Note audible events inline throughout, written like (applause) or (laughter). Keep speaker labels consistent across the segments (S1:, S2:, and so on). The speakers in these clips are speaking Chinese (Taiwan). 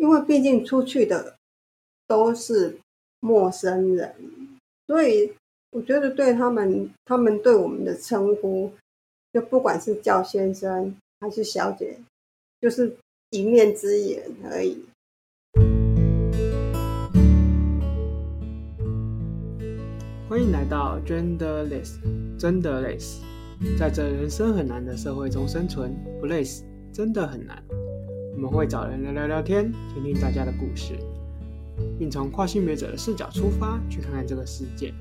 S1: 因為畢竟出去的都是陌生人，所以我覺得對他們，他們對我們的稱呼，就不管是叫先生還是小姐，就是一面之言而已。
S2: 歡迎來到 Genderless 真的累死在這人生很難的社會中生存不累死，place, 真的很難。我們會找人聊聊聊天，聽聽大家的故事，並從跨性別者的視角出發去看看這個世界，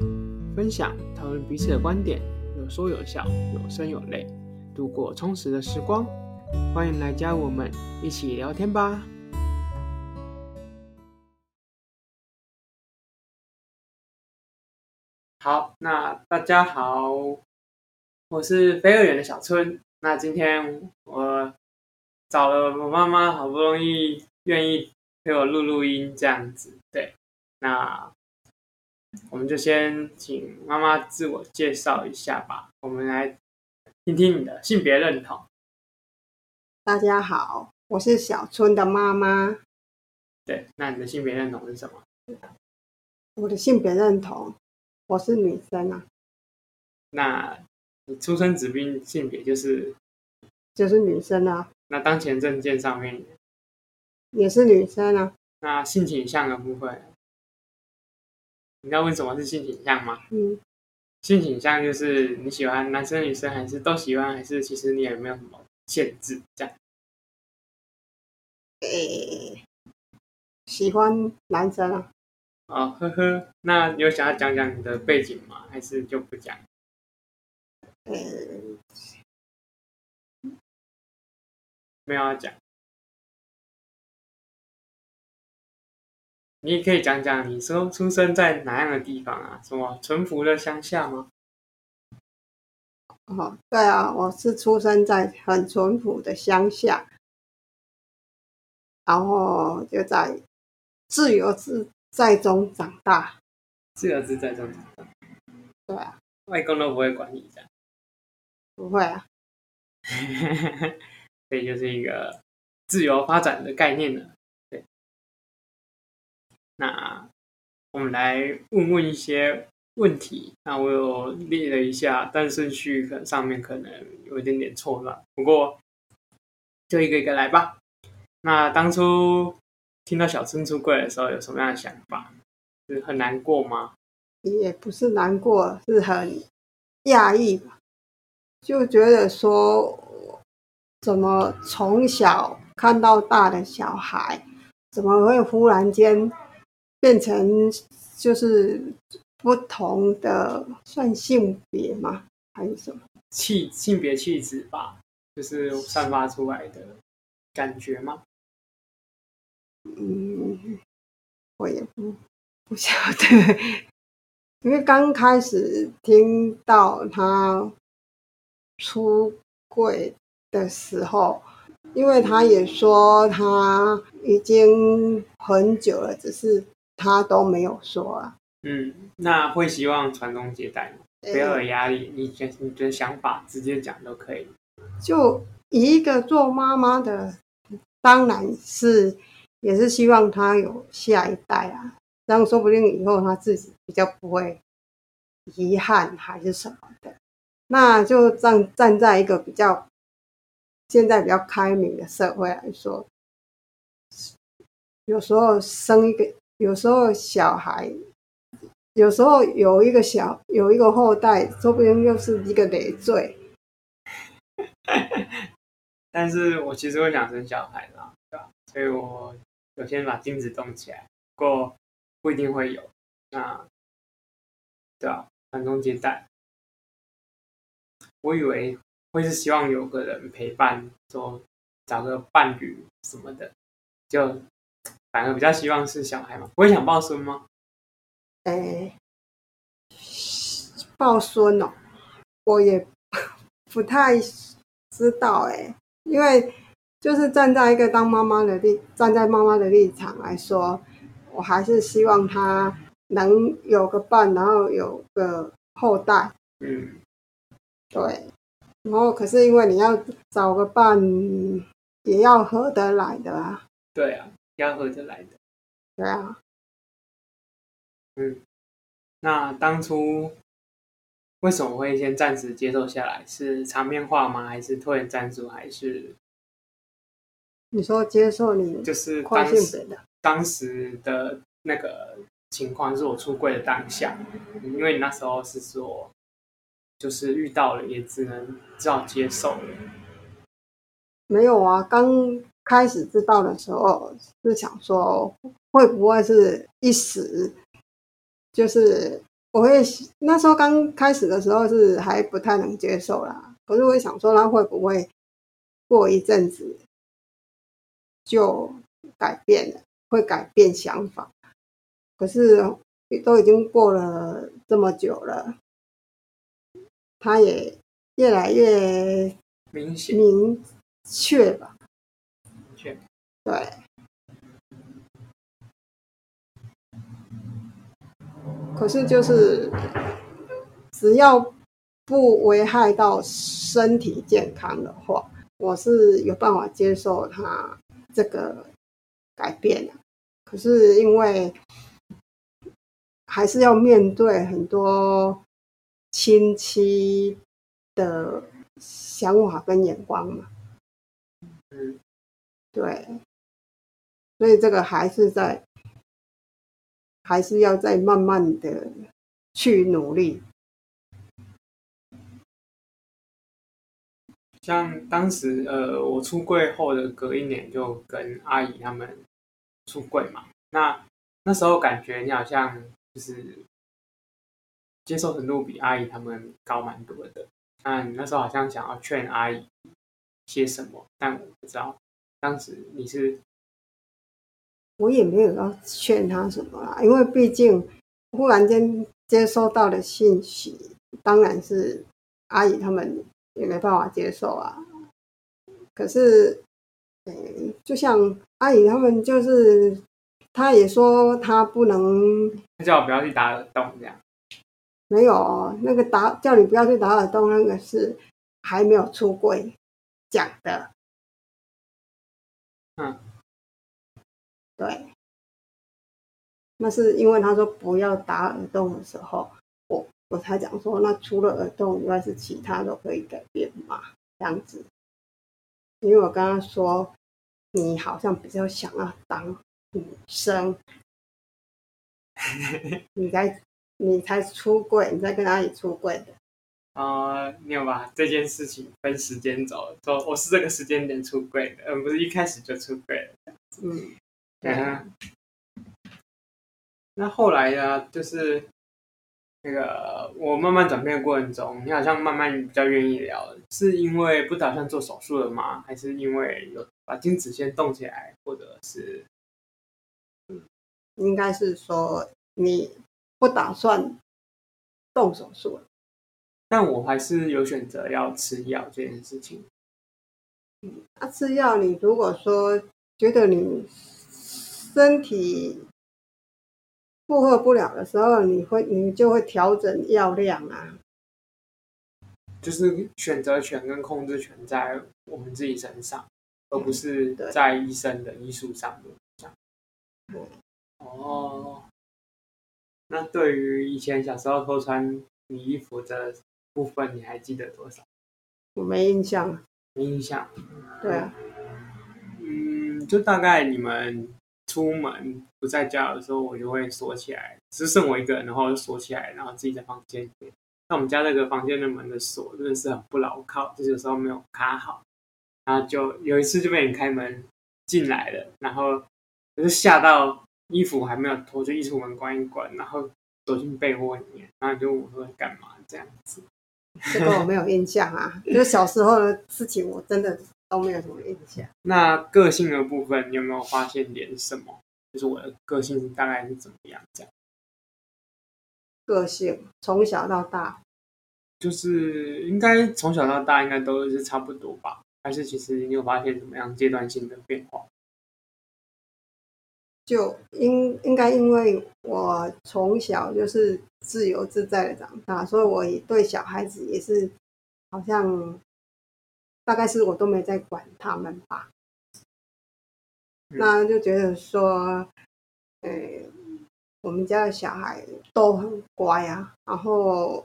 S2: 分享討論彼此的觀點，有說有笑，有聲有淚，
S3: 度過充實的時光。歡迎來加入我們一起聊天吧！好，
S4: 那大家好，我是非二元的小春。
S3: 那今天我。找了我媽媽，好不容易願意陪我錄錄音這樣子，對，那我們就先請媽媽自我介紹一下吧。我們來聽聽你的
S4: 性別認同。
S1: 大家好，我是小春的媽媽。
S4: 對，那你的性別認同是什麼？我的性別認同，我是女生啊。
S3: 那你出生時性別就是
S1: 就是女生啊。
S3: 那當前證件上面
S1: 也是女生啊。
S3: 那性傾向的部分，你知道問什麼是性傾向嗎？嗯、性傾向就是你喜歡男生、女生還是都喜歡，還是其實你也沒有什麼限制這樣？誒、欸，
S4: 喜歡男生啊。
S3: 哦，呵呵，那有想要講講
S4: 你的背景嗎？還是就不講？嗯、欸。沒有要講，你也可以講講，你說出生在哪樣的地方啊？什麼淳樸的鄉下嗎？哦，對啊，我是
S1: 出生在很淳樸的鄉下，然後
S4: 就在自由自在中長大。自由自在中長大。對啊。
S3: 外公都不會管你這樣，對
S4: 吧？不會啊。哈哈哈哈這就是一個自由發展的概念了。對，那我們來問問一些
S3: 問題。那我有列了一下，但順序可能上面可能有一點點錯亂。不過，就一個一個來吧。那當初聽到小春出櫃的時候，有什麼樣的想法？就是很難過嗎？也
S1: 不是難過，是很訝異吧，就覺得說。怎麼從小看到大的小孩，怎麼會忽然間變成就是不同的，算性別嗎？還是什麼？
S3: 氣、性別氣質
S4: 吧？就是散發出來的感覺嗎？嗯，我也不不曉得，
S1: 因為剛開始聽到他出櫃的時候，因為他也說他已經很久了，只是他都沒有說啊。嗯，
S3: 那會
S2: 希望傳宗接代嗎？對不要有壓力，你覺你的想法直接講都可以。
S1: 就一個做媽媽的，當然是也是希望他有下一代啊，這樣說不定以後他自己比較不會遺憾還是什麼的。那就站站在一個比較。現在比較開明的社會來說，有時候生一個，有時候小孩，有時候有一個小，有一個後代，說不定又是一個累贅。
S3: (laughs) 但是，我其實會想生小孩啦，對吧？所以我首
S4: 先把精子凍起來，不過不一定會有。那、嗯、對啊，傳宗接代。我以為。我也是希望有個人陪伴，說找個伴侶什麼的，就
S3: 反而比較希望是小孩嘛。不會想抱孫嗎？
S4: 哎，
S1: 抱孫哦，我也不太知道誒、哎，因為就是站在一個當媽媽的立，站在媽媽的立場來說，我還是希望他能有個伴，然後有個後代。
S4: 嗯，對。
S1: 哦，然後可是因為
S4: 你要找個伴，也要合得來的。啊。對啊，要合得來的。對啊。嗯，那
S3: 當初為什麼會先暫時接受下來？是場面話嗎？還是拖延戰術？還是，
S1: 是你說接受，你
S3: 就是當時的那個情況是我出櫃的當下，因為你那時候是說。就是遇到了，也只能這樣接受了。
S1: 沒有啊，剛開始知道的時候是想說會不會是一時，就是我會那時候剛開始的時候是還不太能接受啦。可是我想說那會
S4: 不會過一陣子就改變了，會改變想法。可是都已經過了這麼久了。它也越來越明明確吧？明確。對。可是，就是
S1: 只要不危害到身體健康的話，我是有辦法接受它這個改變的。可是，因為還是要面對很
S4: 多。親戚的想法跟眼光嘛，對，所以這個還是在，還是要再慢慢的去努力。像當時呃，我出櫃後的隔一年就跟阿姨他們
S3: 出櫃嘛，那那時候感覺你好像就是。接受程度比阿姨他們高蠻多的。那你那時候好像想要勸阿姨些什麼，但我不知道當時你是，
S1: 我也沒有要勸他什麼啦，因為畢竟忽然間接收到的信息，當然是阿姨他們也沒辦法接受啊。可是，嗯、欸，就像阿姨他們，就是她也說她不能，
S3: 她叫我不要去打耳洞這樣。
S4: 沒有，那個打叫你不要去打耳洞，那個是還沒有出櫃講的。嗯，對，那是因為他說不要打耳洞的時候，
S1: 我我才講說，那除了耳洞以外，是其他都可以改變嘛。這樣
S4: 子，因為我剛剛說你好像比較想要當女生，嗯、你在。你才出
S1: 櫃，你在跟阿姨出櫃的。
S3: 啊，沒有吧？這件事情分時間走，說我是這個時間點出櫃的，而不是一開始就出櫃的。嗯，
S4: 對，
S3: 那後來呢？就是那個我慢慢轉變的過程中，你好像慢慢比較願意聊了，是因為不打算做手術了嗎？還是因為有把精子先凍起來，或者是……嗯，
S4: 應該是說你。不打算動手術，
S3: 但我還是有選擇要吃藥這件事情。
S1: 那、嗯啊、吃藥，你如果說覺得你身體負荷不了的時候，你會你就會調整藥量啊。
S3: 就是選擇權跟控制權在我們自己身上，而不是在醫生的醫術上面。嗯、哦。那對於以前小時候偷穿你衣服的部分，你還記得多少？
S1: 我沒印象，
S3: 沒印象。對啊。嗯，就大概你們出門不在家的時候，我就會鎖起來。只剩我一個人，然後，就鎖起來，然後自己在房間。那我們家那個房間的門的鎖真的是很不牢靠，就是有時候沒有卡好，然後就有一次就被人開門進來了，然後我就嚇到。衣服還沒有脫，就一出門關一關，然後走進被窩裡面，然後就問我說幹嘛這樣子？這個我
S1: 沒有印象啊， (laughs) 因為小時候的事情，我真的都沒有什麼印象。
S3: 那個性的部分，你有沒有發現點什麼？就是我的個性大概是怎麼樣？這樣，
S1: 個性
S3: 從小到大，就是應該從小到大應該都是差不多吧？還是其實你有發現怎麼樣階段性的變化？
S1: 就應應該因為我從小就是自由自在的長大，所以我也對小孩子也是，好像大概是我都沒在管他們吧。那就覺得說，呃、欸，我們家的小孩都很乖啊，然後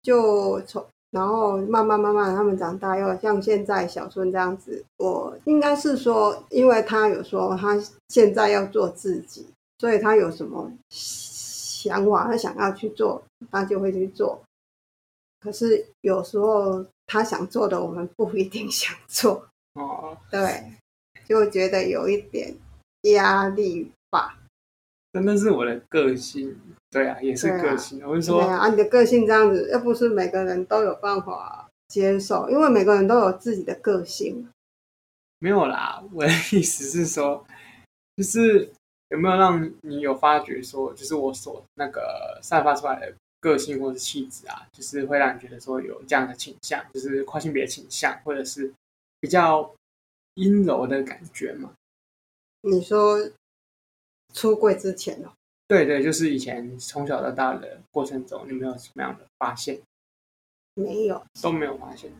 S1: 就從。然後慢慢慢慢，他們長大，又像現在小春這樣子。我應該是說，因為他有說他現在要做自己，所以他有什麼想法，他想要去做，他就會去做。可是有時候他想做的，我們不一定想做。哦，對，就會覺得有一點壓力吧。
S3: 但是我的個性，對啊，也是個性。啊、我是說，對啊，
S1: 你的個性這樣子，又不是每個人都有辦法接受，因為每個人都有自己的個性。
S3: 沒有啦，我的意思是說，就是有沒有讓你有發覺說，就是我所那個散發出來的個性或者氣質啊，就是會讓你覺得說有這樣的傾向，就是跨性別傾向，或者是比較陰柔的感覺嘛？你說。出櫃之前哦，對對，就是以前從小到大的過程中，你沒有什麼樣的發現？沒有，都沒有發現。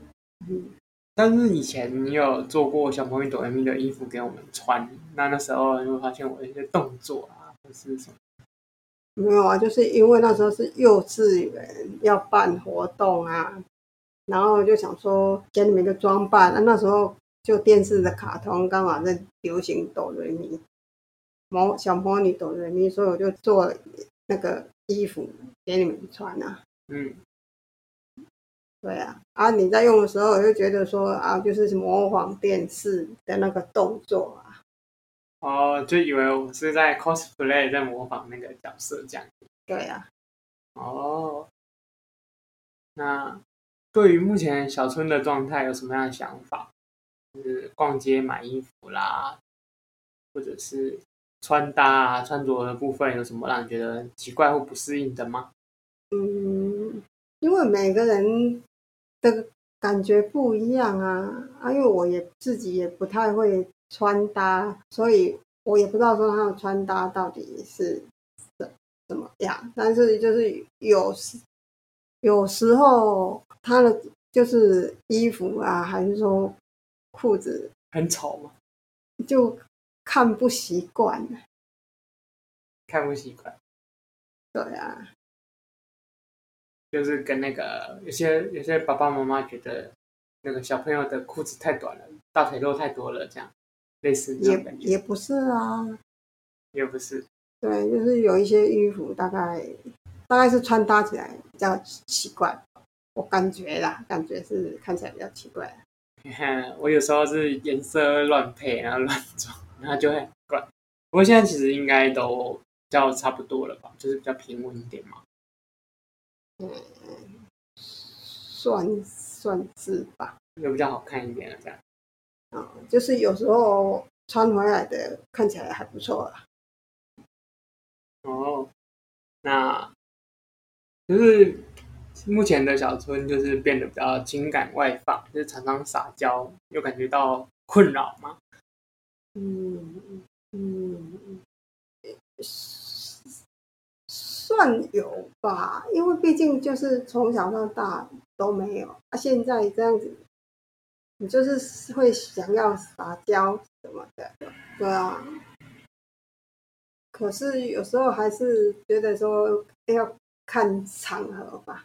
S3: 嗯，但是以前你有做過小朋友哆雷咪的衣服給我們穿，那那時候你會發現我的一些動作啊，或是什
S1: 麼？沒有啊，就是因為那時候是幼稚園要辦活動啊，然後就想說給你們一個裝扮。啊，那時候就電視的卡通剛好在流行哆雷咪。魔小魔女懂的，你所以我就做那個衣服給你們穿啊。嗯，對啊。啊，你在用的時候，我就覺得說啊，就是模仿電視的那個動作啊。
S4: 哦，
S3: 就以為我是在 cosplay，在模仿那個角色這樣。對啊。哦，那對於目前小春的狀態有什麼樣的想法？就是逛街買衣服啦，或者是。穿搭啊，穿着的部分有什麼讓你覺得很奇怪或不適應的嗎？嗯，
S1: 因為每個人的感覺不一樣啊，啊，因為我也自己也不太會穿搭，所以我也不知道說他的穿搭到底是怎麼，怎麼樣。但是就是有有時候他的就是衣服啊，
S4: 還是說褲子很醜嗎？就。看不習慣，看不習慣，對啊，就是跟那個有些有些爸爸媽媽覺得那個小
S3: 朋友的褲子太短了，大腿肉太多了，這樣類似這樣的意思。也
S1: 也不是啊，
S3: 也不是，
S1: 對，就是有一些衣服大概大概是穿搭起來比較奇怪，我感覺啦，感覺是看起來比較奇怪。你看，
S3: 我有時候是顏色亂配，然後亂裝。那就會很怪，不過現在其實應該都比較差不多了吧，就是比較平穩一點嘛。嗯，
S1: 算算是吧。
S3: 就比
S4: 較好看一點了，這樣、哦。就是有時候穿回來的看起來還不錯啊。哦，那
S3: 就是目前的小春就是變得比較情感外放，就是常常撒嬌，有感覺到困擾嗎？
S4: 嗯嗯，算有吧，
S1: 因為畢竟就是從小到大都沒有啊。現在這樣子，你就是會想要撒嬌什麼的，對啊。可是有時候還是覺得說要看場合吧，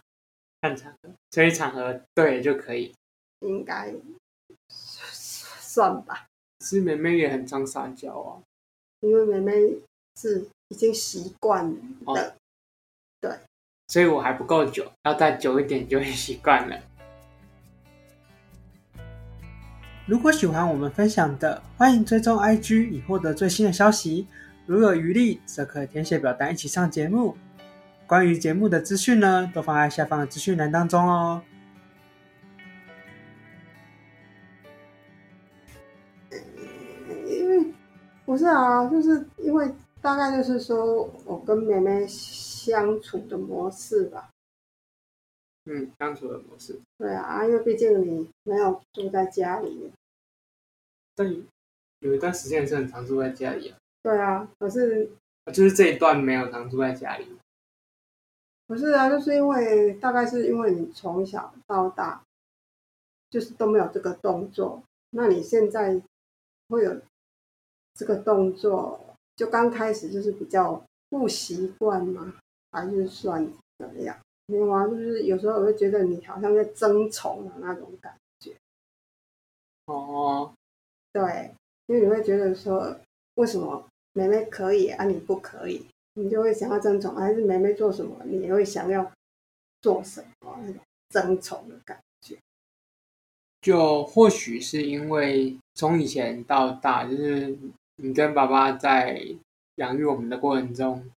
S3: 看場合，所以場合對就可以，
S1: 應該
S3: 算，算吧。是妹妹也很常撒嬌啊，
S1: 因為妹妹是已經習慣
S2: 了，對，哦、對所以我還不夠久，要再久一點就會習慣了。如果喜歡我們分享的，歡迎追蹤 IG 以獲得最新的消息。如有餘力，則可填寫表單一起上節目。關於節目的資訊呢，都放在下方的資訊欄當中哦。
S1: 是啊，就是因為大概就是說我跟妹妹相處的模式
S4: 吧，嗯，相處的模式。
S1: 對啊，因為畢竟你沒有住在家裡，但有
S4: 一段時間是很常住在家裡啊。
S1: 對啊，可是
S3: 就是這一段沒有常住在家裡。
S1: 不是啊，就是因為大概是因為你從小到大，就是都沒有這個動作，那你現在會有。這個動作就剛開始就是比較不習慣嗎？還是算怎麼樣？沒有啊，就是有時候我會覺得你好像在爭寵的那種感覺？
S4: 哦，哦，
S1: 對，因為你會覺得說，為什麼妹妹可以啊，你不可以？你就會想要爭寵，啊，還是妹妹做什麼，你也會想要做什麼那種爭寵的感覺？
S4: 就
S3: 或許是因為從以前到大就是。你跟爸爸在養育我們的過程中，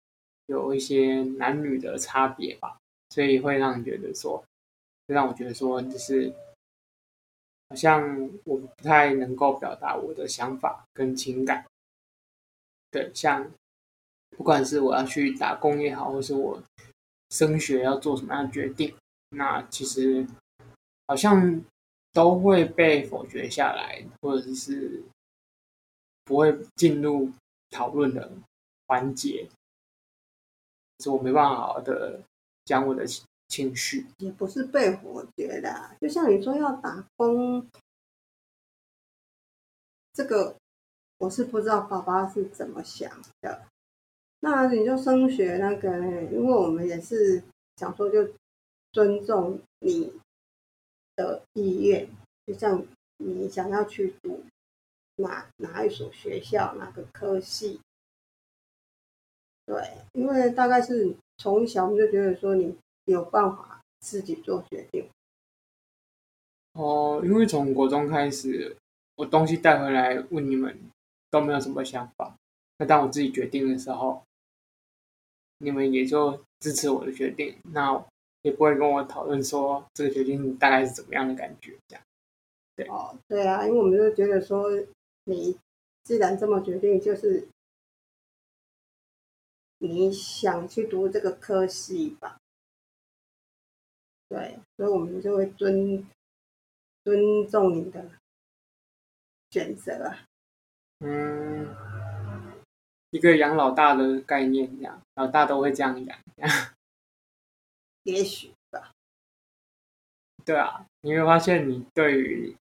S3: 有一些男女的差別吧，所以會讓你覺得說，讓我覺得說，就是好像我不太能夠表達我的想法跟情感。對，像不管是我要去打工也好，或是我升學要做什麼樣的決定，那其實好像都會
S4: 被否決下來，或者是。不會進入討論的環節，所以我沒辦法好的講我的情緒，也不是被否決的。就像你說要打工，這個我是不知道爸爸是怎麼想的。那你就升學那個，因為我們也是
S1: 想說就尊重你的意願，就像你想要去讀。哪哪一所學校，哪個科系？
S4: 對，因為大概是從小我們就覺得說，你有辦法自己做決定。哦，因為從
S3: 國中開始，我東西帶回來問你們都沒有什麼想法。那當我自己決定的時候，你們也就支持我的決定，那也不會跟我討論說這個決定大概是怎麼樣的感覺，這樣。對。哦，
S1: 對啊，因為我們就覺得說。你既然這麼決定，就是
S4: 你想去讀這個科系吧？對，所以我們就會尊尊重你的選擇啊。嗯，一個養老大的概念一樣，這樣老大都會這樣養。也許吧。對
S3: 啊，你會發現你對於。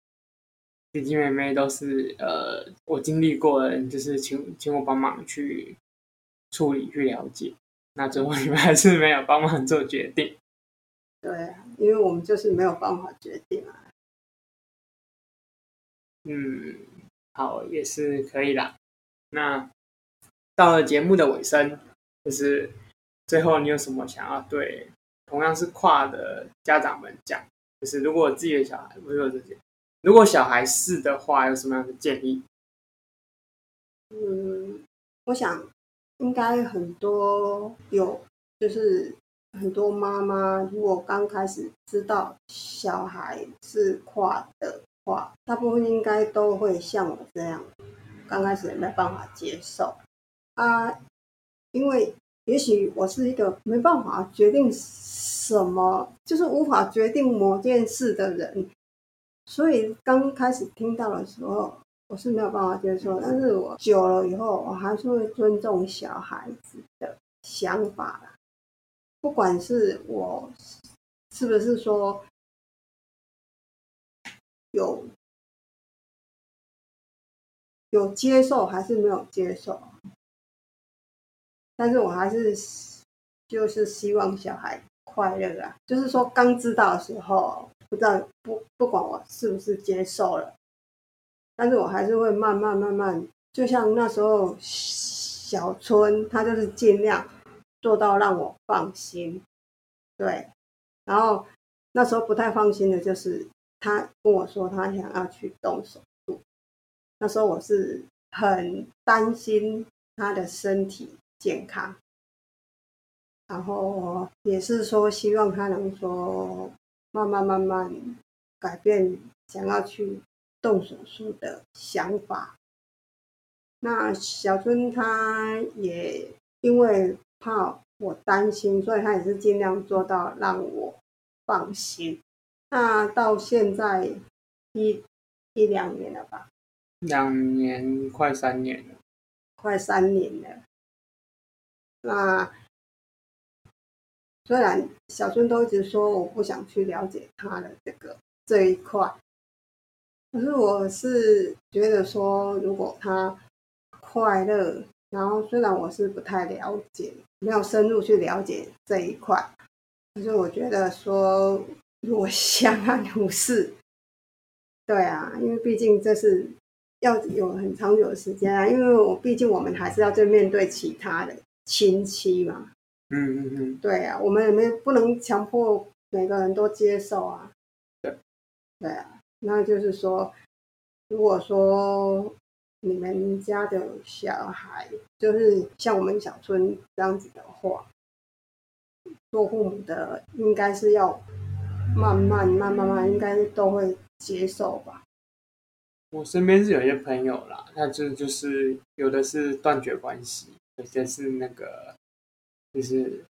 S3: 姐姐妹妹都是呃，我經歷過的人，就是請請我幫忙去處理、去了解。那最後你們還是沒有幫忙做決
S4: 定。對啊，因為我們就是沒有辦法決定啊。嗯，好，也是可以啦。那
S3: 到了節目的尾聲，就是最後你有什麼想要對同樣是跨的家長們講？就是如果自己的小孩我有說這些。如果小孩是的話，有什麼樣的建議？
S1: 嗯，我想應該很多有，就是很多媽媽如果剛開始知道小孩是跨的話，大部分應該都會像我這樣，剛開始也沒辦法接受啊，因為也許我是一個沒辦法決定什麼，就是無法決定某件事的人。所以剛開始聽到的時候，我是沒有辦法接受，但是我久了以後，我還是會
S4: 尊重小孩子的想法啦。不管是我是不是說有有接受還是沒有接受，但是我還是就是希望小孩
S1: 快樂啊，就是說剛知道的時候。不知道，不不管我是不是接受了，但是我還是會慢慢慢慢，就像那時候小春，他就是盡量做到讓我放心。對，然後那時候不太放心的就是他跟我說他想要去動手術，那時候我是很擔心他的身體健康，然後也是說希望他能說。慢慢慢慢改變想要去動手術的想法，那小春他也因為怕我擔心，所以他也是盡量做到讓我放心。那到現在一
S4: 一兩年了吧？兩年快三年了，快三年了。那。雖然小春都一直說我不想去了解他的這個這一塊，
S1: 可是我是覺得說，如果他快樂，然後雖然我是不太了解，沒有深入去了解這一塊，可是我覺得說，如果相安無事，對啊，因為畢竟這是要有很長久的時間啊，因為我畢竟我們還是要去面對其他的親戚嘛。
S4: 嗯嗯嗯，
S1: 對啊，我們也沒不能強迫每個人都接受啊。對，對啊，那就是說，如果說你們家的小孩就是像我們小春這樣子的話，做父母的應該是要慢慢、慢慢、慢，慢，應該都會接受吧。
S3: 我身邊是有一些朋友啦，那這、就是、就是有的是斷絕關係，有些是那個。就是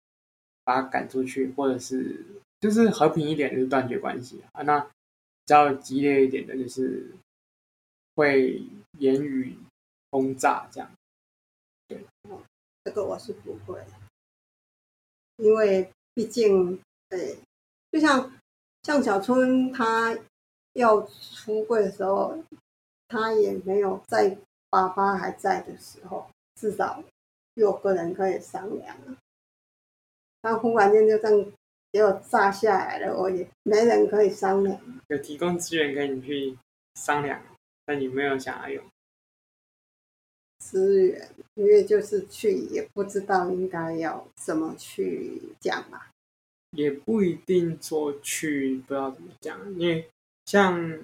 S3: 把他趕出去，或者是就是和平一點，就是斷絕關係啊。那比較激烈一點的，就是
S4: 會言語轟炸這樣。對，這個我是不會，因為畢竟，對，就像像小春她要出櫃
S1: 的時候，她也沒有在爸爸還在的時候，至少有個人可以商量啊。那忽然間就這樣，給我炸下來了，我也沒人可以商量。
S3: 有提供資源跟你去商量，那你沒有想要用
S1: 資源？因為就是去也不知道應該要怎麼去講吧。
S3: 也不一定說去不知道怎麼講，因為像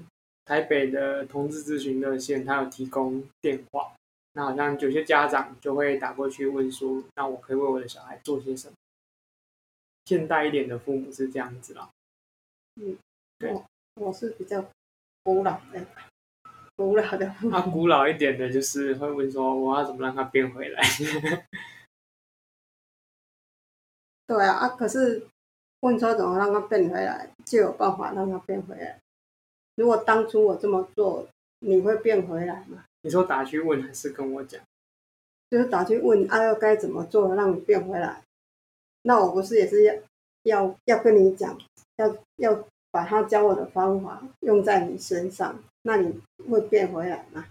S3: 台北的同志諮詢熱線，它有提供電話，那好像有些家長就會打過去問說：“那我可以為我的小孩做些什麼？”現代一點的父母是這樣子啦，嗯，
S4: 我我是比較古老的古老的，
S3: 啊，古老一點的，就是會問說我要怎麼讓他變回
S4: 來？ (laughs) 對啊，啊，可是問說怎麼讓他變回來，就有辦法讓他變回來。如果當初我這
S1: 麼做，你會變回來嗎？
S3: 你說打去問還是跟我講？
S1: 就是打去問，啊，要該怎麼做讓你變回來？那我不是也是要要要跟你講，要要把他教我的方法用在你身上，那你會變回來嗎？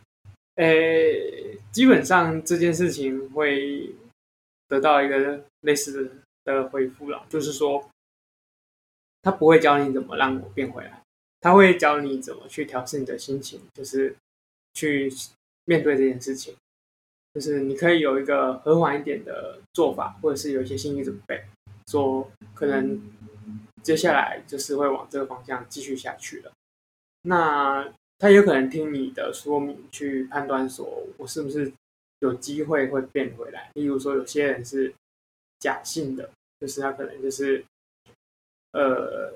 S3: 欸，基本上這件事情會得到一個類似的的回復了，就是說他不會教你怎麼讓我變回來，他會教你怎麼去調試你的心情，就是去面對這件事情。就是你可以有一個和緩一點的做法，或者是有一些心理準備，說可能接下來就是會往這個方向繼續下去了。那他有可能聽你的說明去判斷，說我是不是有機會會變回來。例如說，有些人是假性的，就是他可能就是呃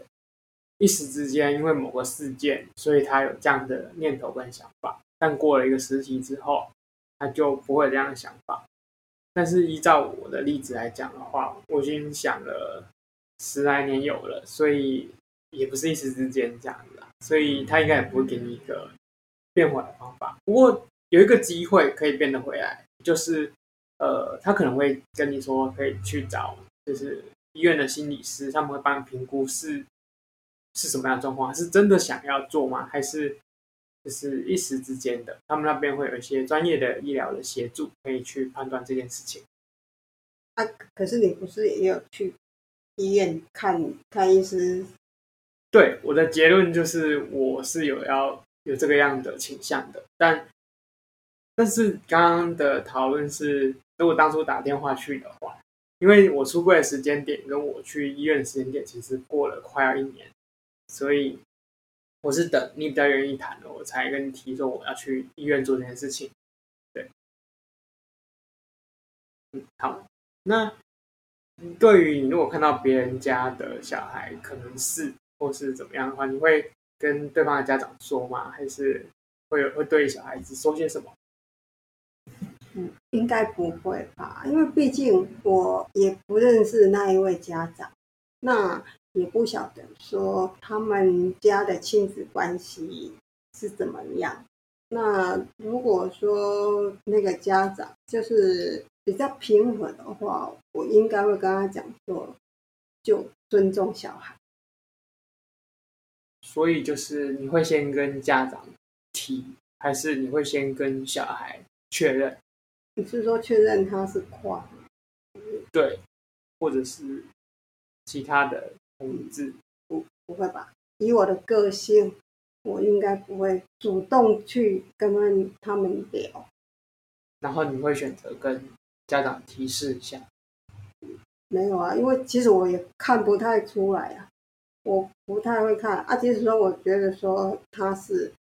S3: 一時之間因為某個事件，所以他有這樣的念頭跟想法，但過了一個時期之後。他就不會有這樣的想法，但是依照我的例子來講的話，我已經想了十來年有了，所以也不是一時之間這樣子。啊，所以他應該也不會給你一個變化的方法。嗯、不過有一個機會可以變得回來，就是呃，他可能會跟你說可以去找，就是醫院的心理師，他們會幫你評估是是什麼樣的狀況，是真的想要做嗎？還是？就是一時之間的，他們那邊會有一些專業的醫療的協助，可以去判斷這件事情。
S1: 啊，可是你不是也有去醫院看看醫師？
S3: 對，我的結論就是我是有要有這個樣的傾向的，但但是剛剛的討論是，如果當初打電話去的話，因為我出櫃的時間點跟我去醫院的時間點其實過了快要一年，所以。我是等你比較願意談了，我
S4: 才跟你提說我要去醫院做這件事情。對，嗯，好。那對於你如果看到別人家的
S3: 小孩可能是或是怎麼樣的話，你會跟對方的家長說嗎？還是會有會對小孩子說些什麼？嗯，
S1: 應該不會吧，因為畢竟我也不認識那一位家長。那也不曉得說他們家的親子關係是怎麼樣。那如果說那個家長就是比較平和的話，我應該會跟他講說，就尊重
S3: 小孩。所以就是你會先跟家長提，還是你會先跟小孩確認？
S1: 你是說確認
S4: 他是跨？
S3: 對，或者是其他的？不字、嗯，不不
S4: 會吧？以我的個性，我應該不會
S1: 主動去跟他們聊。
S3: 然後你會選擇跟家長提示一下、嗯？
S1: 沒有啊，因為其實我也看不太出來啊，我不太會看啊。即使說我覺得說他是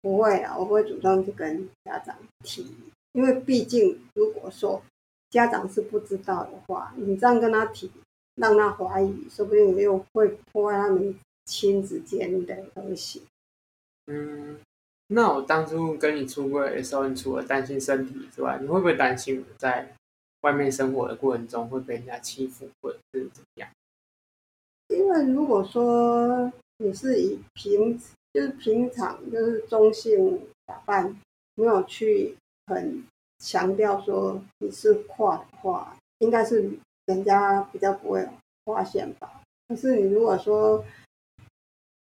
S1: 不會啊，我不會主動去跟家長提，因為畢竟如果說家長是不知道的話，你這樣跟他提。讓他懷疑，說不定又會破壞他們親子間的關係。嗯，
S3: 那我當初跟你出櫃的時候，你除了擔心身體之外，你會不會擔心我在外面生活的過程中會被人家欺負，或者是怎
S4: 麼樣？
S1: 因為如果說你是以平，就是平常，就是中性打扮，沒有去很強調說你是跨的話，應該是。人家比較不會發現吧？可是你如果說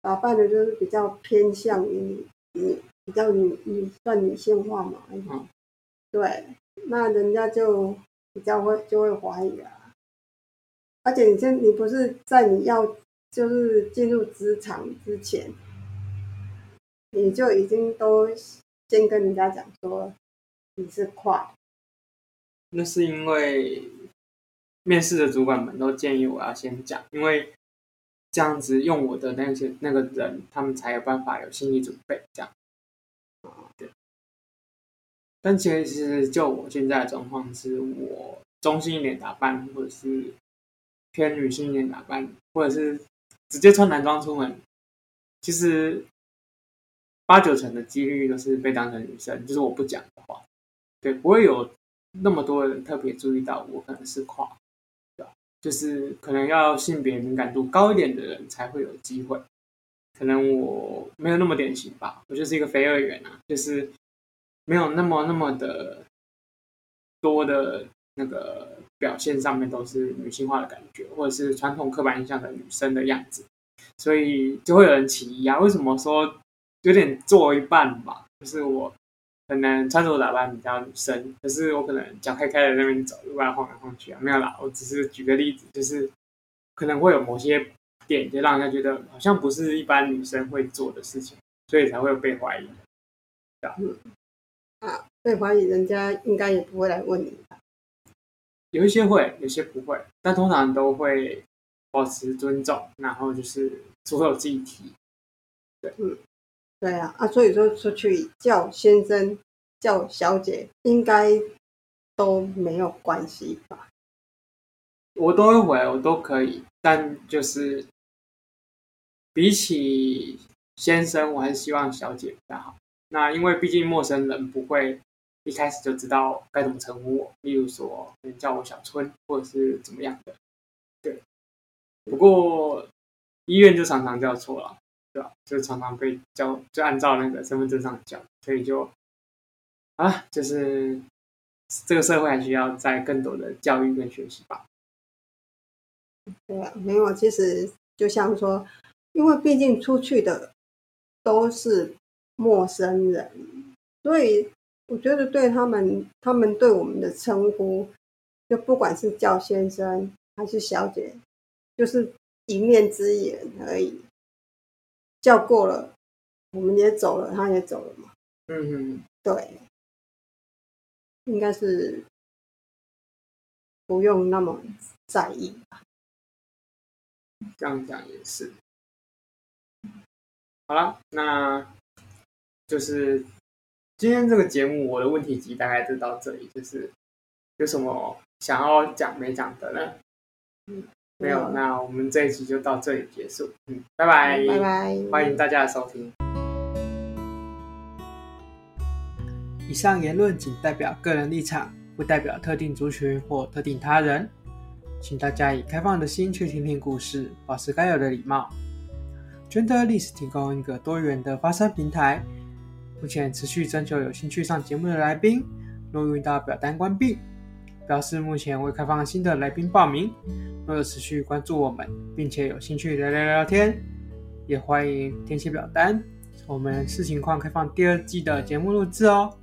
S1: 打扮的，就是比較偏向於你，你比較女，你算女性化嘛？嗯、對，那人家就比較會就會懷疑啊。而且你現你不是在你要就是進入職場之前，你就已經都先跟人家講說你是跨。
S3: 那是因為。面試的主管們都建議我要先講，因為這樣子用我的那些那個人，他們才有辦法有心理準備。這樣。嗯，對，但其實就我現在的狀況，是我中性一點打扮，或者是偏女性一點打扮，或者是直接穿男裝出門，其實八九成的幾率都是被當成女生。就是我不講的話，對，不會有那麼多人特別注意到我可能是跨。就是可能要性別敏感度高一點的人才會有機會，可能我沒有那麼典型吧，我就是一個非二元啊，就是沒有那麼那麼的多的那個表現上面都是女性化的感覺，或者是傳統刻板印象的女生的樣子，所以就會有人起疑啊，為什麼說有點做一半吧，就是我。可能穿着打扮比較女生，可是我可能腳開開在那邊走路啊，我來晃來晃去啊，沒有啦。我只是舉個例子，就是可能會有某些點，就讓人家覺得好像不是一般女生會做的事情，所以才會被懷疑。嗯。啊，
S1: 被懷疑人家應該也不會來問你。
S3: 有一些會，有些不會，但通常都會保持尊重，然後就是除非我自己提。對，嗯
S1: 對啊，啊，所以說出去叫先生、叫小姐應該都沒有關係吧？
S3: 我都會回來，我都可以，但就是比起先生，我還是希望小姐比較好。那因為畢竟陌生人不會一開始就知道該怎麼稱呼我，例如說你叫我小春或者是怎麼樣的。對，不過醫院就常常叫錯了。對，就常常被叫，就按照那個身份證上叫，所以就啊，就是這個社會還需要再更多的教育跟學習吧。
S4: 對啊，沒有，其實
S1: 就像說，因為畢竟出去的都是陌生人，所以我覺得對他們，他們對我們的稱呼，就不管是叫先生還是小姐，就是一
S4: 面之緣而已。叫過了，我們也走了，他也走了嘛。嗯哼，對，應該是不用那麼在意吧。這樣講也是。好啦，那就是今天這個節目，我的問題集大概就到這裡。就是有
S3: 什麼想要講沒講的呢？嗯。沒有，那我們這一集就到這裡結束。嗯，拜拜，拜拜，歡迎大家的收聽。
S2: 嗯、以上言論僅代表個人立場，不代表特定族群或特定他人。請大家以開放的心去聽聽故事，保持該有的禮貌。《真的累死》提供一個多元的發聲平台，目前持續徵求有興趣上節目的來賓，錄音到表單關閉，表示目前未開放新的來賓報名，若有持續關注我們，並且有興趣來聊聊天，也歡迎填寫表單，我們視情況開放第二季的節目錄製哦。